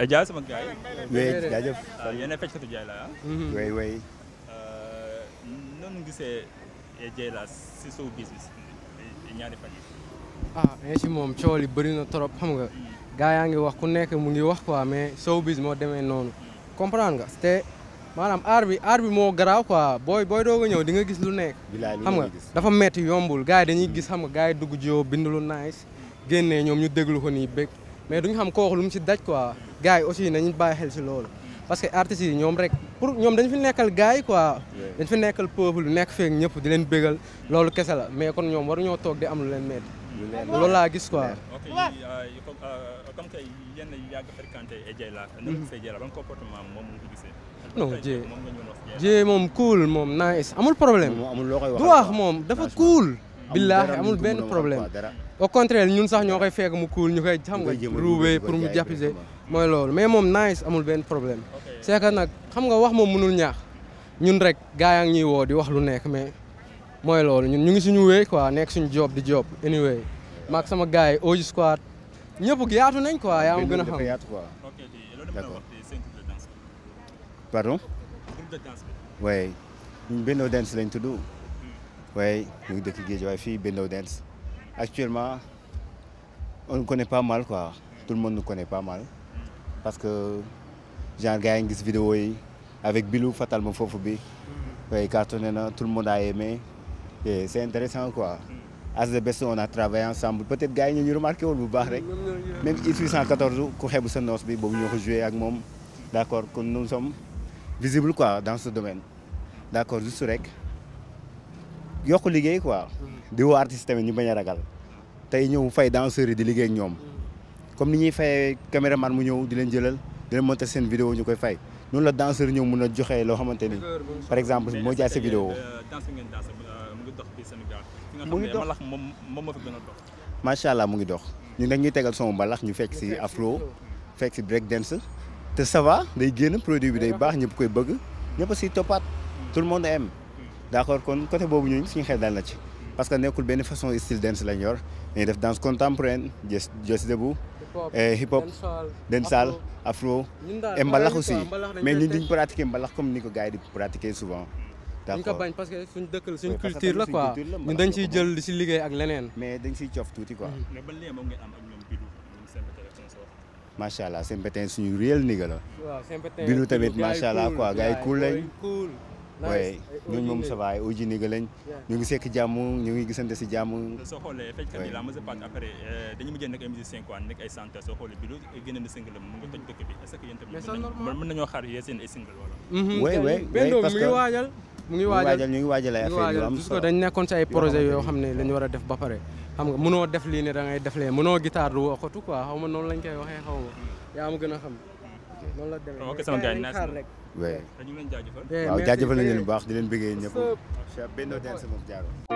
Adja sama gars yi. oui jaajëf. Euh, yéen a feccatu Dieyla ah. oui mm-hmm. euh, oui. noonu gisee si suuf bis bi yi. Ah, si moom coow li bëri na trop xam nga. gaa yaa ngi wax ku nekk mu ngi wax quoi mais showbiz moo demee noonu comprendre nga te maanaam aar bi aar bi moo garaaw quoi booy booy doog ñëw di nga gis lu nekk. xam nga dafa metti yombul gars dañuy gis mm. xam nga gars yi dugg jiw bind lu nice génnee ñoom ñu déglu ko nii bëgg. mais duñu xam kooku lu mu si daj quoi gars yi aussi nañu bàyyi xel ci loolu parce que artistes yi ñoom rek pour ñoom dañu fi nekkal gars yi quoi dañ fi nekkal lu nekk feek ñëpp di leen bégal loolu kese la mais kon ñoom ñoo toog di am lu leen metti loolu laa gis quoi. ok euh, euh, comme que yéen a yàgg fréquenté Dieyla mhm. ban comportement moom nga gisee. non Diey moom cool moom nice amul problème. amul loo koy wax du wax moom dafa cool. billaahi amul benn problème. au contraire ñun sax ñoo koy fekk mu cool ñu koy xam nga ruubee pour mu jàppise mooy loolu mais moom nice amul benn problème c'est que nag xam wax moom mënul ñaax ñun rek gars yaa ngi ñuy woo di wax lu nekk mais mooy loolu ñun ñu ngi suñu wéy quoi nekk suñu job di job anyway maag sama gars yi Oji Squad ñëpp yaatu nañ quoi yaa ma gën a xam d'accord pardon waaye ñun Benno Dance lañ tudd waaye hmm. ñu ngi dëkk Guédiawaye fii Benno Dance actuellement, on nous connaît pas mal, quoi. Tout le monde nous connaît pas mal. Parce que j'ai regardé une vidéo avec Bilou, fatalement Fofobi. Ouais, cartonné, tout le monde a aimé. Et c'est intéressant, quoi. As de Best, on a travaillé ensemble. Peut-être que nous remarqué au Boubarek. Même ISU 114, quand nous avons joué avec moi, d'accord, nous sommes visibles quoi, dans ce domaine. D'accord, juste rec. yokk liggéey quoi. Mm. di woo artiste tamit ñu bañ a ragal. tey ñëw fay danseurs yi di liggéey ñoom. Mm. comme ni ñuy fayee man mu ñëw di leen jëlal di leen monter seen vidéo ñu koy fay noonu la danseur ñëw mun a joxe loo xamante ni par exemple moo jaay sa vidéo. Euh, mu ngi dox macha allah mu ngi dox. ñu nag ñuy tegal son mbalax ñu fekk si afro fekk si break dance te ça day génn produit bi day baax ñëpp koy bëgg ñëpp si toppaat mm. tout le monde aime. d'accord kon côté boobu ñun suñu xel daal na ci parce que nekkul benn façon style dance lañ yor dañuy def danse contemporaine jazz jazz debout hip hop eh, dancehall afro et mbalax aussi mais ñun duñ pratiquer mbalax comme ni ko gars yi di pratiquer souvent dañ parce que suñ dëkk la suñ culture la quoi ñun dañ ciy jël di si liggéey ak leneen mais dañ siy cof tuuti quoi mm-hmm. macha allah Sempéten suñu réel niga la tamit macha allah quoi gars yi oui ñooñu moom ça va au a pass après euh, dañu ay single mu ngi nañoo xaar yéen seen ay single wala. oui mhm. oui dañ nekkoon ci ay projet yoo xam ne lañu war a def ba pare xam nga mënoo def lii ne da def lee mënoo guitare du waxatu quoi xaw ma noonu lañ koy waxee xaw ma yaa ma gën a xam loolu la demee ok sama gars yi naas na waaw jaajëfal nañ leen bu baax di leen bëggee ñëpp. Benno Danse moom jaaroo.